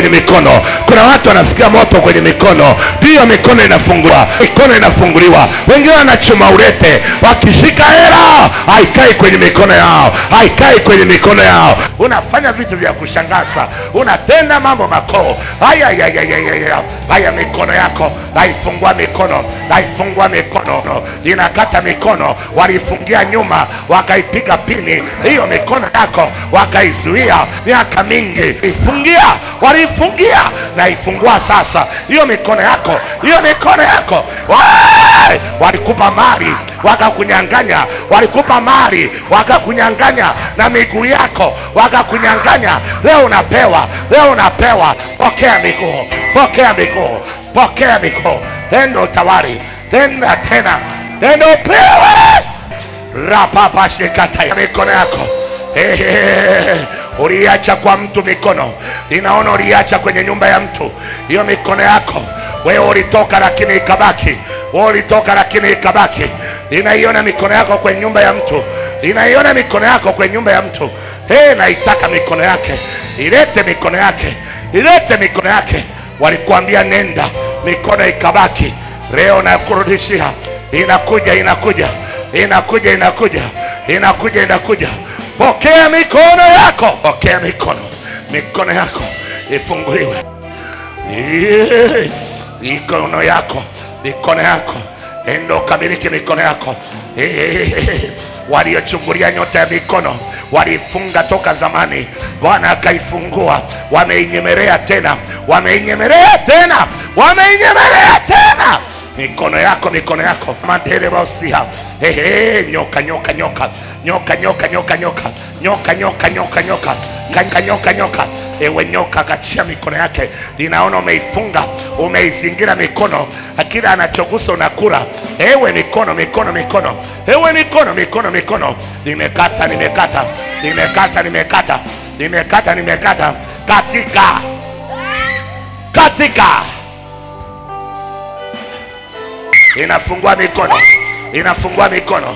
kwenye mikono. Kuna watu wanasikia moto kwenye mikono, ndiyo mikono inafungua, mikono inafunguliwa. Wengine wanachuma urete, wakishika hela haikai kwenye mikono yao, haikai kwenye mikono yao. Unafanya vitu vya kushangaza, unatenda mambo makoo haya haya. Mikono yako naifungua, mikono naifungua, mikono inakata mikono, walifungia nyuma, wakaipiga pini hiyo mikono yako, wakaizuia miaka mingi, ifungia wali niliifungia naifungua sasa. Hiyo mikono yako, hiyo mikono yako. Wee! walikupa mali wakakunyang'anya, walikupa mali wakakunyang'anya, na miguu yako wakakunyang'anya. Leo unapewa, leo unapewa. Pokea miguu, pokea miguu, pokea miguu, tendo tawari, tena tena, tendo pewe rapapashikata mikono yako. Hey, hey, hey uliacha kwa mtu mikono, ninaona uliacha kwenye nyumba ya mtu hiyo mikono yako wewe ulitoka lakini ikabaki, wewe ulitoka lakini ikabaki. Ninaiona mikono yako kwenye nyumba ya mtu, ninaiona mikono yako kwenye nyumba ya mtu. Hey, naitaka mikono yake, ilete mikono yake, ilete mikono yake. Walikuambia nenda, mikono ikabaki. Leo nakurudishia, inakuja, inakuja, inakuja, inakuja, inakuja, inakuja Pokea mikono yako, pokea mikono, mikono yako ifunguliwe, mikono yako, mikono yako endo kamiliki mikono yako. Waliochungulia nyota ya mikono walifunga toka zamani, Bwana akaifungua. wameinyemerea tena, wameinyemerea tena, wameinyemerea mikono yako, mikono yako maderebosia. Ehe, nyoka nyoka nyoka nyoka nyoka nyoka nyoka nyoka nyoka nyoka nyoka nyoka nyoka nyoka. Ewe nyoka, kachia mikono yake, ninaona umeifunga, umeizingira mikono, akila anachogusa unakula. Ewe mikono mikono mikono, ewe mikono mikono mikono, nimekata nimekata nimekata nimekata nimekata nimekata, katika katika inafungua mikono, inafungua mikono,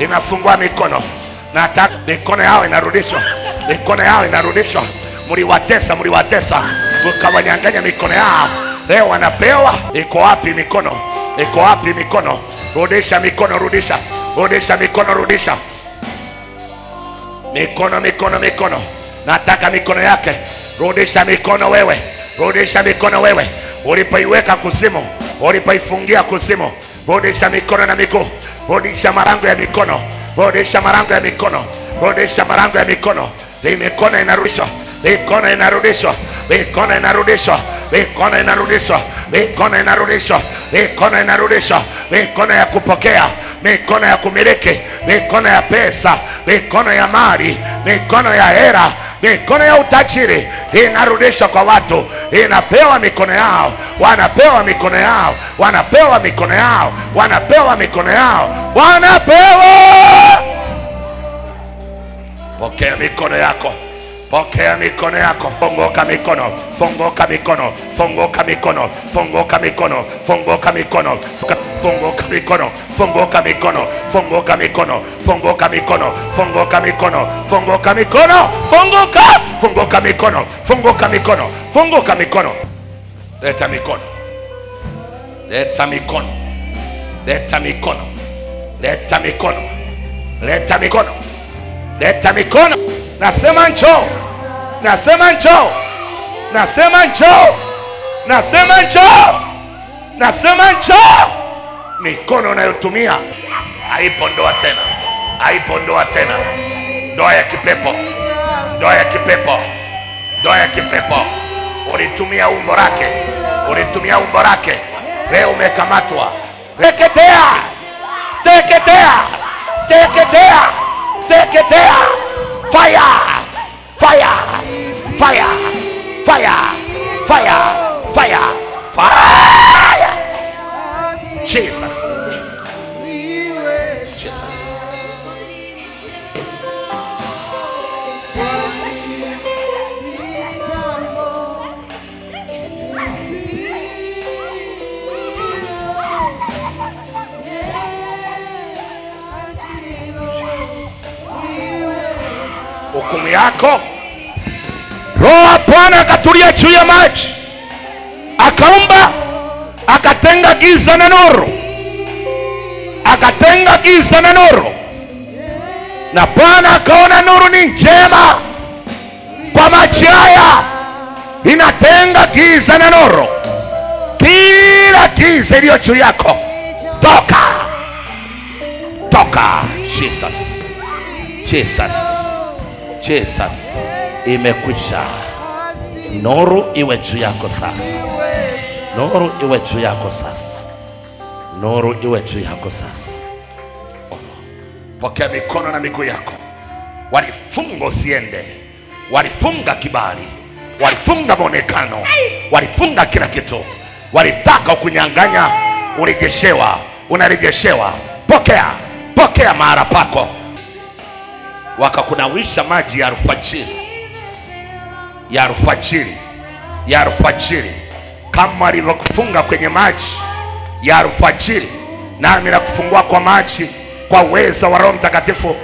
inafungua mikono. Nataka mikono yao inarudishwa, mikono yao inarudishwa. Mliwatesa, mliwatesa, mkawanyanganya mikono yao, leo wanapewa. Iko wapi mikono? Iko wapi mikono? Rudisha mikono, rudisha, rudisha mikono, rudisha mikono, mikono, mikono. Nataka mikono yake, rudisha mikono wewe, rudisha mikono wewe, ulipoiweka kuzimu ulipoifungia kuzimu. Rudisha mikono na miguu, rudisha marango ya mikono, rudisha marango ya mikono, rudisha marango ya mikono. Mikono inarudishwa, mikono inarudishwa, mikono inarudishwa, mikono inarudishwa, mikono inarudishwa, mikono inarudishwa, mikono ya kupokea mikono ya kumiliki, mikono ya pesa, mikono ya mali, mikono ya hera Mikono ya utajiri inarudishwa kwa watu, inapewa mikono yao, wanapewa mikono yao, wanapewa mikono yao, wanapewa mikono yao, wanapewa. Pokea mikono yako. Pokea mikono yako, funguka mikono, funguka mikono, funguka mikono, funguka mikono, funguka mikono, funguka mikono, funguka mikono, funguka mikono, funguka mikono, funguka mikono, funguka mikono, funguka, funguka mikono, funguka mikono, funguka mikono. Leta mikono, leta mikono, leta mikono, leta mikono, leta mikono, leta mikono. Nasema njoo nasema njoo, nasema njoo, nasema njoo, nasema njoo. Mikono unayotumia haipo ndoa tena, haipo ndoa tena. Ndoa ya kipepo, ndoa ya kipepo, ndoa ya kipepo. Ulitumia umbo lake, ulitumia umbo lake, leo umekamatwa. Teketea, teketea, teketea, teketea! Fire, fire! fire, fire, fire, fire, fire. Jesus. Jesus. hukumu yako Roho wa Bwana akatulia juu ya maji, akaumba, akatenga giza na nuru, akatenga giza na nuru. Na Bwana akaona nuru ni njema, kwa maji haya inatenga giza na nuru. Kila giza iliyo juu yako toka, toka! Jesus, Jesus, Jesus, Jesus imekwisha. Nuru iwe juu yako sasa, nuru iwe juu yako sasa, nuru iwe juu yako sasa. Pokea mikono na miguu yako. Walifunga usiende, walifunga kibali, walifunga maonekano, walifunga kila kitu, walitaka ukunyang'anya. Urejeshewa, unarejeshewa. Pokea, pokea mahali pako. Wakakunawisha maji ya alfajiri ya alfajiri, ya alfajiri kama alivyokufunga kwenye maji ya alfajiri, nami nakufungua kwa maji kwa weza wa Roho Mtakatifu.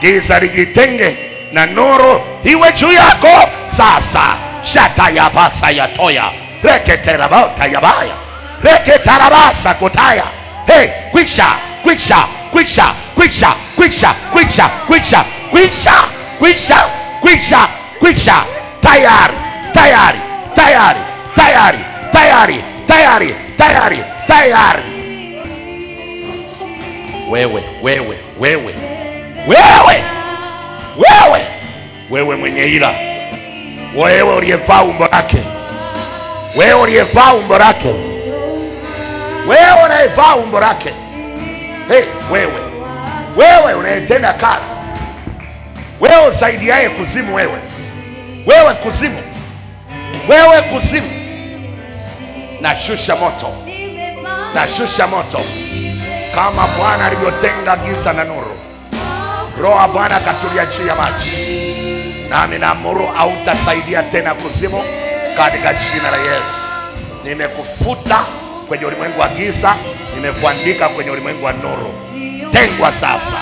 Giza lijitenge na nuru iwe juu yako sasa. shatayabasa yatoya reketerabata yabaya reketarabasa kotaya hey, kwisha kwisha kwisha kwisha kwisha kwisha kwisha kwisha kwisha kwisha kwisha tayari tayari tayari tayari tayari tayari tayari tayari. Wewe wewe wewe wewe wewe wewe mwenye ila, wewe uliyevaa umbo lake, wewe uliyevaa umbo lake, wewe unayevaa umbo lake, hey, wewe wewe unayetenda kazi, wewe usaidiaye kuzimu, wewe wewe kuzimu, wewe kuzimu, nashusha moto, nashusha moto, kama Bwana alivyotenga giza na nuru. Roho Bwana akatulia juu ya maji, nami naamuru hautasaidia tena kuzimu, katika jina la Yesu. Nimekufuta kwenye ulimwengu wa giza, nimekuandika kwenye ulimwengu wa nuru. Tengwa sasa,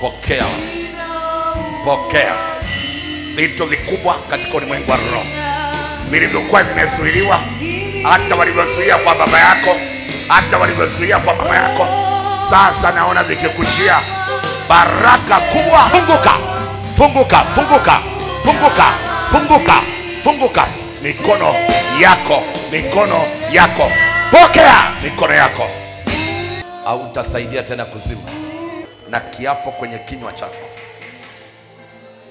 pokea pokea vitu vikubwa katika ulimwengu wa roho vilivyokuwa vimezuiliwa, hata walivyozuia kwa baba yako, hata walivyozuia kwa mama yako, sasa naona vikikujia baraka kubwa. Funguka, funguka, funguka, funguka, funguka, funguka mikono yako, mikono yako, pokea mikono yako, au utasaidia tena kuzima na kiapo kwenye kinywa chako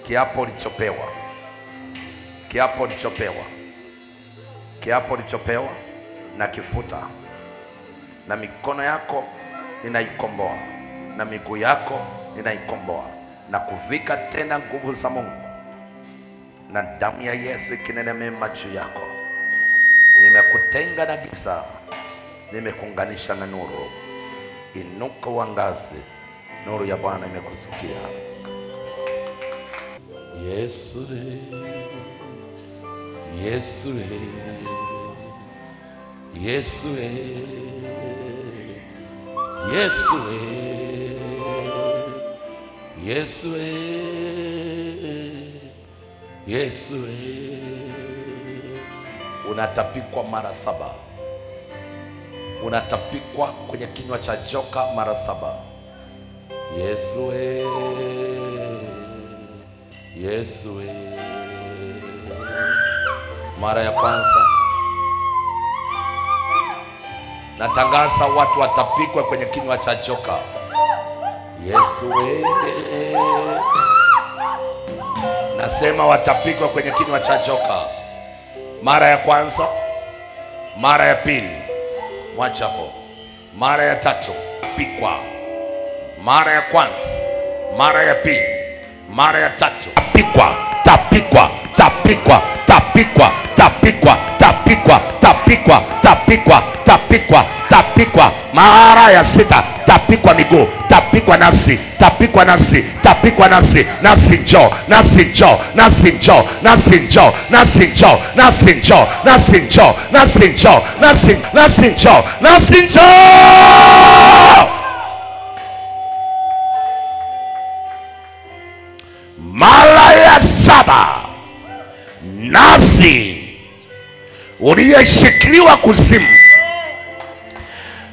kiapo ulichopewa, kiapo ulichopewa, kiapo ulichopewa na kifuta, na mikono yako ninaikomboa, na miguu yako ninaikomboa, na kuvika tena nguvu za Mungu na damu ya Yesu ikinenemema juu yako. Nimekutenga na giza, nimekuunganisha na nuru. Inuka uangaze, nuru ya Bwana imekusikia. Yesterday, yesterday, yesterday, yesterday, yesterday, yesterday. Unatapikwa mara saba, unatapikwa kwenye kinywa cha joka mara saba. Yesterday Yesu. Mara ya kwanza natangaza watu watapikwa kwenye kinywa cha joka. Yesu nasema watapikwa kwenye kinywa cha joka. Mara ya kwanza, mara ya pili, mwacha hapo. Mara ya tatu pikwa, mara ya kwanza, mara ya pili mara ya tatu tapikwa, tapikwa, tapikwa, tapikwa, tapikwa, tapikwa, tapikwa, tapikwa, tapikwa, tapikwa mara ya sita tapikwa miguu, tapikwa nafsi, tapikwa nafsi, tapikwa nafsi, nafsi njoo, nafsi njoo, nafsi njoo, nafsi njoo, nafsi njoo, nafsi njoo, nafsi njoo, nafsi njoo, nafsi njoo, nafsi njoo, nafsi njoo Mara ya saba, nafsi uliyeshikiliwa kuzimu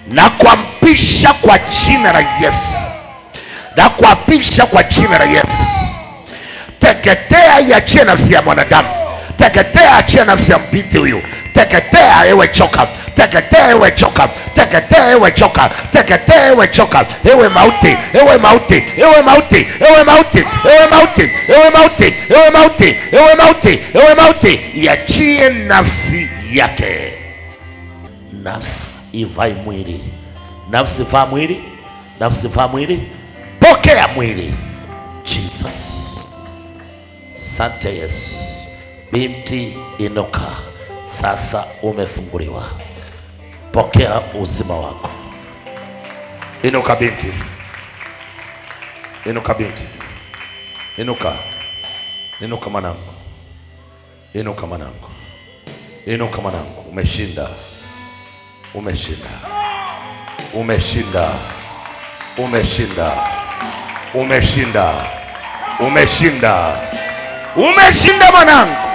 na kuapisha kwa jina la Yesu, na kuapisha kwa jina la Yesu, teketea ya nafsi ya mwanadamu Teketea, achia nafsi ya binti huyu. Teketea ewe choka, teketea ewe choka, teketea ewe choka, teketea ewe choka, ewe mauti, ewe mauti, ewe mauti, ewe mauti, ewe mauti, ewe mauti, ewe mauti, ewe mauti, ewe mauti, iachie nafsi yake. Nafsi ivai mwili, nafsi vaa mwili, nafsi vaa mwili, pokea mwili. Jesus, sante Yesu. Binti inuka, sasa umefunguliwa, pokea uzima wako. Inuka binti, inuka binti, inuka, inuka mwanangu, inuka mwanangu, inuka mwanangu. Umeshinda, umeshinda, umeshinda, umeshinda, umeshinda, umeshinda, umeshinda mwanangu.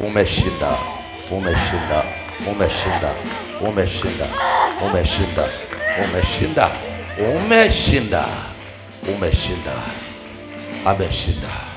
Umeshida, umeshinda, umeshinda, umeshinda, umeshinda, umeshinda, umeshinda, umeshinda, ameshinda.